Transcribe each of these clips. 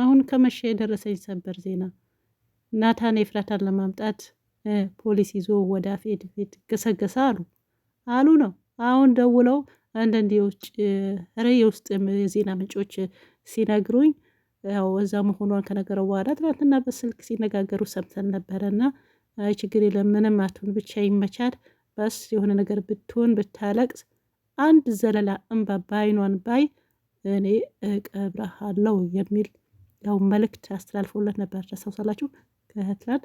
አሁን ከመሸ የደረሰኝ ሰበር ዜና ናታን ኤፍራታን ለማምጣት ፖሊስ ይዞ ወደ አፌድ ቤት ገሰገሰ አሉ አሉ ነው። አሁን ደውለው አንዳንድ የውስጥ የዜና ምንጮች ሲነግሩኝ ያው እዛ መሆኗን ከነገረው በኋላ ትናንትና በስልክ ሲነጋገሩ ሰምተን ነበረና አይ ችግር የለም ምንም ብቻ ይመቻል፣ በስ የሆነ ነገር ብትሆን ብታለቅስ አንድ ዘለላ እንባ ባይኗን ባይ እኔ እቀብረሃለሁ የሚል ያው መልእክት አስተላልፎለት ነበር። ታስታውሳላችሁ ከትላንት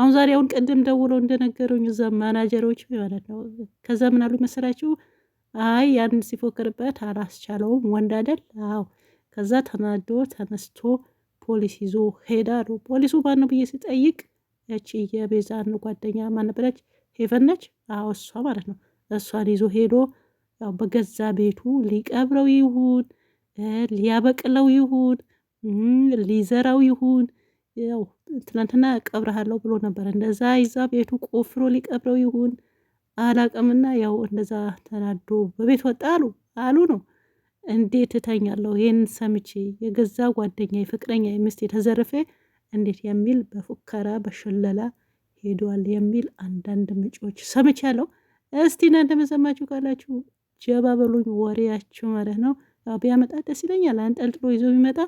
አሁን ዛሬ አሁን ቅድም ደውለው እንደነገረኝ እዛ ማናጀሮች ማለት ነው። ከዛ ምን አሉ መሰላችሁ? አይ ያን ሲፎክርበት አላስቻለውም፣ ወንድ አይደል? አዎ። ከዛ ተናዶ ተነስቶ ፖሊስ ይዞ ሄዳ ነው። ፖሊሱ ማነው ብዬ ስጠይቅ ያቺ የቤዛን ጓደኛ ማነበረች ነበረች? ሄቨን አዎ እሷ ማለት ነው። እሷን ይዞ ሄዶ ያው በገዛ ቤቱ ሊቀብረው ይሁን ሊያበቅለው ይሁን ሊዘራው ይሁን ያው ትናንትና ቀብረሃለው ብሎ ነበር። እንደዛ ይዛ ቤቱ ቆፍሮ ሊቀብረው ይሁን አላቅምና ያው እንደዛ ተናዶ በቤት ወጣ አሉ አሉ ነው። እንዴት እተኛለሁ ይህን ሰምቼ የገዛ ጓደኛ የፍቅረኛ ሚስት የተዘረፈ እንዴት የሚል በፉከራ በሽለላ ሄዷል የሚል አንዳንድ ምንጮች ሰምቻለሁ። እስቲ እናንተ መሰማችሁ ካላችሁ ጀባ በሉኝ፣ ወሬያችሁ ማለት ነው። ቢያመጣ ደስ ይለኛል። አንጠልጥሎ ይዞ ቢመጣ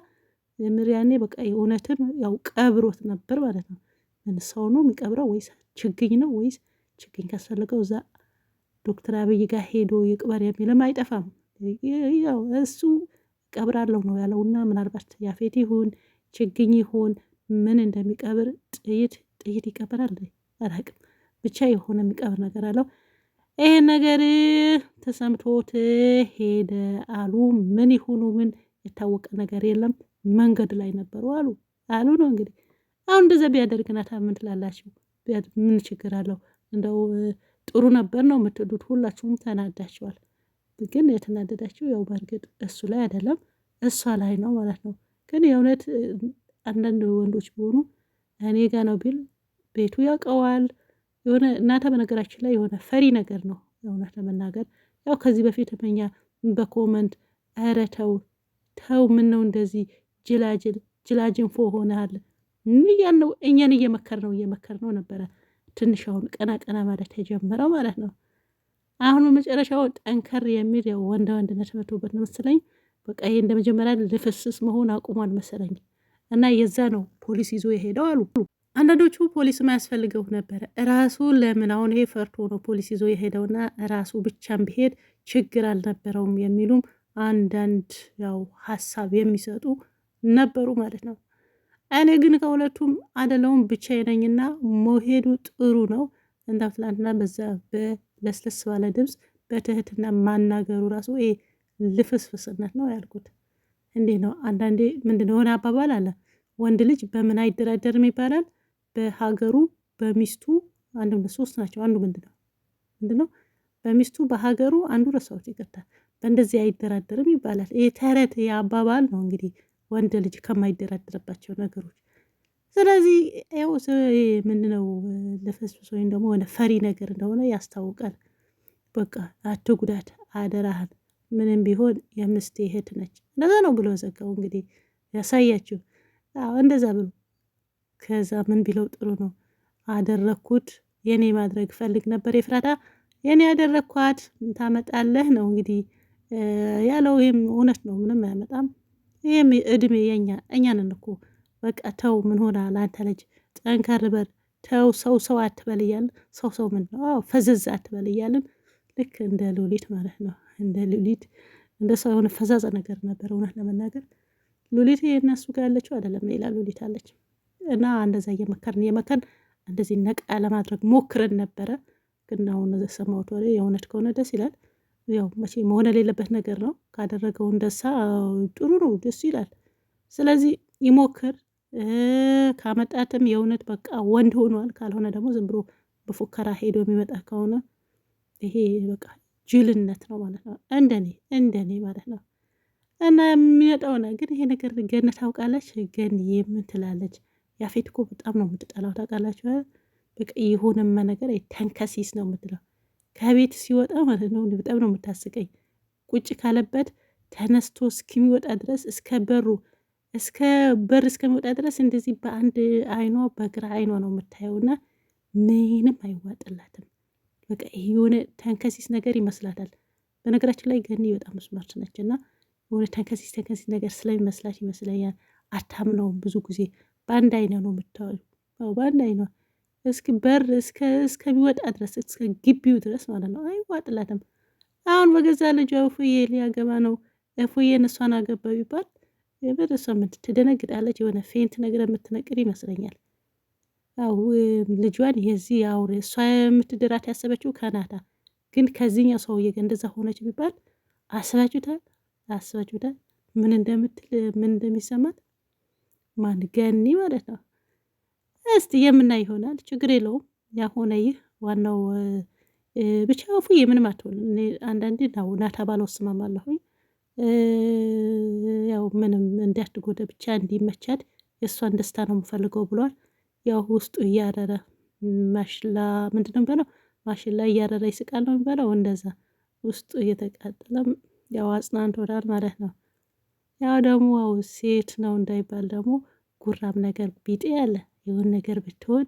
የምር ያኔ በቃ የእውነትም ያው ቀብሮት ነበር ማለት ነው። ምን ሰው ነው የሚቀብረው ወይስ ችግኝ ነው ወይስ ችግኝ ካስፈለገው እዛ ዶክተር አብይ ጋር ሄዶ ይቅበር የሚልም አይጠፋም። ያው እሱ ቀብራለሁ ነው ያለውና ምናልባት ያፌት ይሁን ችግኝ ይሁን ምን እንደሚቀብር ጥይት ጥይት ይቀበራል አላቅም ብቻ የሆነ የሚቀብር ነገር አለው። ይሄን ነገር ተሰምቶት ሄደ አሉ። ምን ይሁኑ ምን የታወቀ ነገር የለም። መንገድ ላይ ነበሩ አሉ አሉ ነው እንግዲህ። አሁን እንደዛ ቢያደርግና ታምን ትላላችሁ? ምን ችግር አለው? እንደው ጥሩ ነበር ነው የምትሉት። ሁላችሁም ተናዳችኋል። ግን የተናደዳችሁ ያው በእርግጥ እሱ ላይ አይደለም እሷ ላይ ነው ማለት ነው። ግን የእውነት አንዳንድ ወንዶች ቢሆኑ እኔ ጋ ነው ቢል ቤቱ ያውቀዋል። የሆነ እናንተ በነገራችን ላይ የሆነ ፈሪ ነገር ነው የእውነት ለመናገር ያው ከዚህ በፊት እመኛ በኮመንት ኧረ ተው ተው፣ ምን ነው እንደዚህ ጅላጅል ጅላጅንፎ ሆነሃል እያን ነው እኛን እየመከር ነው እየመከር ነው ነበረ ትንሽ አሁን ቀና ቀና ማለት የጀመረው ማለት ነው። አሁኑ መጨረሻው ጠንከር የሚል ያው ወንዳ ወንድነት መቶበት ነው መሰለኝ። በቃ ይሄ እንደመጀመሪያ ልፍስስ መሆን አቁሟል መሰለኝ እና የዛ ነው ፖሊስ ይዞ የሄደው አሉ አንዳንዶቹ። ፖሊስ ማያስፈልገው ነበረ ራሱ። ለምን አሁን ይሄ ፈርቶ ነው ፖሊስ ይዞ የሄደውና ራሱ ብቻም ቢሄድ ችግር አልነበረውም የሚሉም አንዳንድ ያው ሀሳብ የሚሰጡ ነበሩ ማለት ነው። እኔ ግን ከሁለቱም አደለውም ብቻ ነኝና መሄዱ ጥሩ ነው። እንዳ ትላንትና በዛ በለስለስ ባለ ድምፅ በትህትና ማናገሩ ራሱ ይ ልፍስፍስነት ነው ያልኩት። እንዴ ነው አንዳንዴ ምንድን የሆነ አባባል አለ፣ ወንድ ልጅ በምን አይደራደርም ይባላል። በሀገሩ በሚስቱ አንድ ሶስት ናቸው። አንዱ ምንድን ነው ምንድን ነው በሚስቱ በሀገሩ አንዱ ረሳዎች ይቀርታል። በእንደዚህ አይደራደርም ይባላል። ይህ ተረት የአባባል ነው እንግዲህ ወንድ ልጅ ከማይደራደርባቸው ነገሮች። ስለዚህ ያው ምንድነው ልፍስፍስ ወይም ደግሞ ሆነ ፈሪ ነገር እንደሆነ ያስታውቃል። በቃ አትጉዳት፣ አደራህን፣ ምንም ቢሆን የምስት እህት ነች፣ እንደዛ ነው ብሎ ዘጋው። እንግዲህ ያሳያችሁ እንደዛ ብሎ ከዛ ምን ቢለው ጥሩ ነው አደረግኩት የኔ ማድረግ ፈልግ ነበር የፍራታ የኔ ያደረግኳት ታመጣለህ ነው እንግዲህ ያለው። ይህም እውነት ነው፣ ምንም አያመጣም። ይህም እድሜ የኛ እኛንን እኮ በቃ ተው፣ ምን ሆና ለአንተ ልጅ ጠንከር በል ተው፣ ሰው ሰው አትበል እያልን ሰው ሰው ምን ነው አዎ፣ ፈዘዝ አትበል እያልን ልክ እንደ ሉሊት ማለት ነው እንደ ሉሊት እንደ ሰው የሆነ ፈዛዛ ነገር ነበር። እውነት ለመናገር ሉሊት የእነሱ ጋር ያለችው አይደለም፣ ሌላ ሉሊት አለች። እና እንደዛ እየመከርን እየመከርን እንደዚህ ነቃ ለማድረግ ሞክረን ነበረ። ግን አሁን ሰማሁት ወሬ የእውነት ከሆነ ደስ ይላል። ያው መቼ መሆን የሌለበት ነገር ነው። ካደረገው እንደሳ ጥሩ ነው፣ ደስ ይላል። ስለዚህ ይሞክር። ካመጣትም የእውነት በቃ ወንድ ሆኗል። ካልሆነ ደግሞ ዝም ብሎ በፉከራ ሄዶ የሚመጣ ከሆነ ይሄ በቃ ጅልነት ነው ማለት ነው። እንደኔ እንደኔ ማለት ነው። እና የሚመጣው ግን ይሄ ነገር ገነት ታውቃለች። ገን ምን ትላለች? ያፌት እኮ በጣም ነው የምትጠላው ታውቃላችሁ። በቃ የሆነማ ነገር ተንከሲስ ነው የምትለው ከቤት ሲወጣ ማለት ነው በጣም ነው የምታስቀኝ። ቁጭ ካለበት ተነስቶ እስከሚወጣ ድረስ እስከ በሩ እስከ በር እስከሚወጣ ድረስ እንደዚህ በአንድ አይኗ በግራ አይኗ ነው የምታየውና ምንም አይዋጥላትም። በቃ ይሄ የሆነ ተንከሲስ ነገር ይመስላታል። በነገራችን ላይ ገኒ በጣም ስማርት ነች እና የሆነ ተንከሲስ ተንከሲስ ነገር ስለሚመስላት ይመስለኛል አታምነውም። ብዙ ጊዜ በአንድ አይነ ነው የምታየው፣ በአንድ አይኗ እስኪ በር እስከሚወጣ ድረስ እስከ ግቢው ድረስ ማለት ነው። አይዋጥላትም። አሁን በገዛ ልጇ እፎዬ ሊያገባ ነው፣ እፎዬን እሷን አገባ ቢባል የምር እሷ ምን ትደነግጣለች? የሆነ ፌንት ነገር የምትነቅድ ይመስለኛል። አው ልጇን የዚህ አውሬ እሷ የምትድራት ያሰበችው ከናታ ግን ከዚህኛው ሰውዬ ጋር እንደዛ ሆነች ቢባል አስባችሁታል? አስባችሁታል? ምን እንደምትል ምን እንደሚሰማት ማን ገኒ ማለት ነው። እስቲ የምናይ ይሆናል። ችግር የለውም። ያ ሆነ ይህ ዋናው ብቻ ፉ ምንም አትሆንም። አንዳንዴ ናው ናታ ባለው እስማማለሁኝ። ያው ምንም እንዳትጎዳ ብቻ እንዲመቻት የእሷን ደስታ ነው የምፈልገው ብሏል። ያው ውስጡ እያረረ ማሽላ ምንድን ነው የሚባለው? ማሽላ እያረረ ይስቃል ነው የሚባለው። እንደዛ ውስጡ እየተቃጠለም ያው አጽናንቶናል ማለት ነው። ያው ደግሞ ሴት ነው እንዳይባል ደግሞ ጉራም ነገር ቢጤ አለ። የሆን ነገር ብትሆን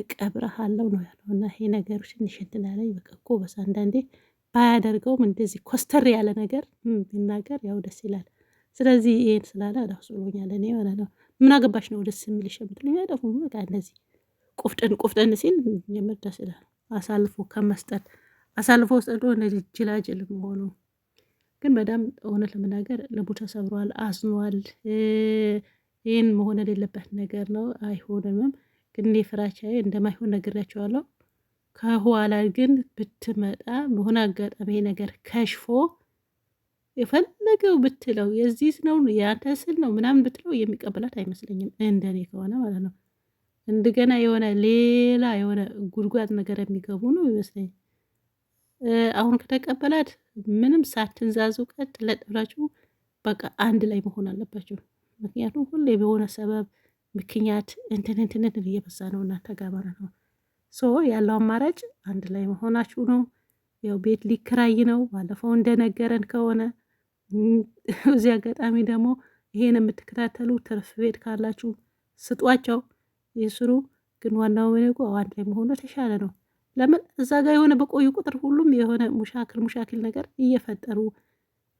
እቀብረሃለሁ ነው ያለው። እና ይሄ ነገሩ ትንሽ እንትን አለኝ። በቃ እኮ በሳ አንዳንዴ ባያደርገውም እንደዚህ ኮስተር ያለ ነገር ቢናገር ያው ደስ ይላል። ስለዚህ ይሄን ስላለ ራሱ ብሎኛል። እኔ ማለት ነው ምን አገባሽ ነው ደስ የሚልሽ የምትለኝ አይጠፉም። በቃ እንደዚህ ቁፍጥን ቁፍጥን ሲል ጀምር ደስ ይላል። አሳልፎ ከመስጠት አሳልፎ ሰጥቶ እንደዚህ ጅላጅል መሆኑ ግን በጣም እውነት ለመናገር ልቡ ተሰብሯል፣ አዝኗል። ይህን መሆን የሌለበት ነገር ነው፣ አይሆንምም። ግን እኔ ፍራቻዬ እንደማይሆን ነግሬያቸዋለሁ። ከኋላ ግን ብትመጣ መሆን አጋጣሚ ነገር ከሽፎ የፈለገው ብትለው የዚህ ነው ያንተ ስል ነው ምናምን ብትለው የሚቀበላት አይመስለኝም፣ እንደኔ ከሆነ ማለት ነው። እንደገና የሆነ ሌላ የሆነ ጉድጓድ ነገር የሚገቡ ነው ይመስለኝ። አሁን ከተቀበላት ምንም ሳትንዛዙ ቀጥ ለጥ ብላችሁ በቃ አንድ ላይ መሆን አለባችሁ። ምክንያቱም ሁሌ በሆነ ሰበብ ምክንያት እንትን እንትን እየበዛ ነው እና ጋር ነው። ሶ ያለው አማራጭ አንድ ላይ መሆናችሁ ነው። ያው ቤት ሊከራይ ነው ባለፈው እንደነገረን ከሆነ እዚህ አጋጣሚ ደግሞ ይሄን የምትከታተሉ ትርፍ ቤት ካላችሁ ስጧቸው ይስሩ። ግን ዋናው ምን እኮ አንድ ላይ መሆኑ ተሻለ ነው። ለምን እዛ ጋር የሆነ በቆዩ ቁጥር ሁሉም የሆነ ሙሻክል ሙሻክል ነገር እየፈጠሩ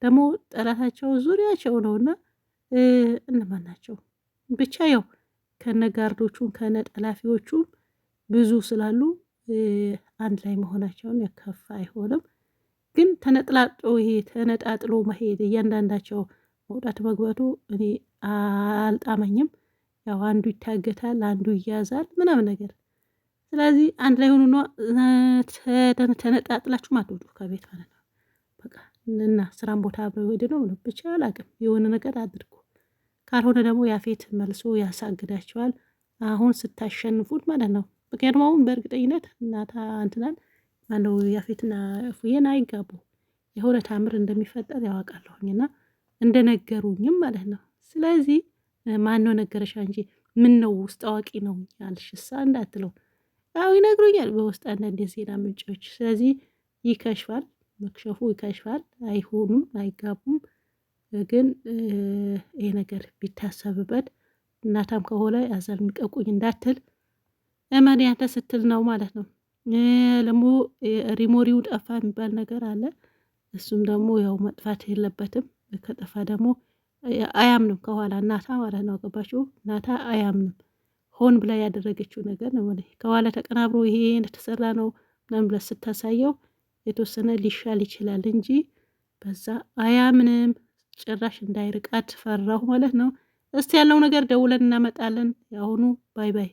ደግሞ ጠላታቸው ዙሪያቸው ነውና እነማን ናቸው ብቻ ያው ከነጋርዶቹ ከነጠላፊዎቹ ብዙ ስላሉ አንድ ላይ መሆናቸውን የከፋ አይሆንም። ግን ተነጥላጦ ይሄ ተነጣጥሎ መሄድ እያንዳንዳቸው መውጣት መግባቱ እኔ አልጣመኝም። ያው አንዱ ይታገታል፣ አንዱ ይያዛል ምናምን ነገር። ስለዚህ አንድ ላይ ሆኖ ተነጣጥላችሁ ማትወጡ ከቤት ማለት ነው በቃ እና ስራን ቦታ አብረው ሄድ ነው ነው ብቻ አላቅም። የሆነ ነገር አድርጉ። ካልሆነ ደግሞ ያፌት መልሶ ያሳግዳቸዋል። አሁን ስታሸንፉት ማለት ነው። ምክንያቱም አሁን በእርግጠኝነት እናታ እንትናን ማነው ያፌትና እፉዬን አይጋቡ የሆነ ታምር እንደሚፈጠር ያዋቃለሁኝ እና እንደነገሩኝም ማለት ነው። ስለዚህ ማነው ነገረሻ እንጂ ምን ነው ውስጥ አዋቂ ነው ያልሽሳ እንዳትለው። አዎ ይነግሩኛል በውስጥ አንዳንድ የዜና ምንጮች። ስለዚህ ይከሽፋል። መክሸፉ ይከሽፋል። አይሆኑም፣ አይጋቡም። ግን ይሄ ነገር ቢታሰብበት እናታም ከሆነ አዛል ንቀቁኝ እንዳትል እመን ያንተ ስትል ነው ማለት ነው። ደግሞ ሪሞሪው ጠፋ የሚባል ነገር አለ። እሱም ደግሞ ያው መጥፋት የለበትም። ከጠፋ ደግሞ አያምንም ከኋላ እናታ ማለት ነው። አገባችሁ? እናታ አያምንም። ሆን ብላ ያደረገችው ነገር ነው። ከኋላ ተቀናብሮ ይሄ የተሰራ ነው ምናምን ብላ ስታሳየው የተወሰነ ሊሻል ይችላል እንጂ በዛ አያምንም። ጭራሽ እንዳይርቃት ፈራሁ ማለት ነው። እስቲ ያለው ነገር ደውለን እናመጣለን። የአሁኑ ባይ ባይ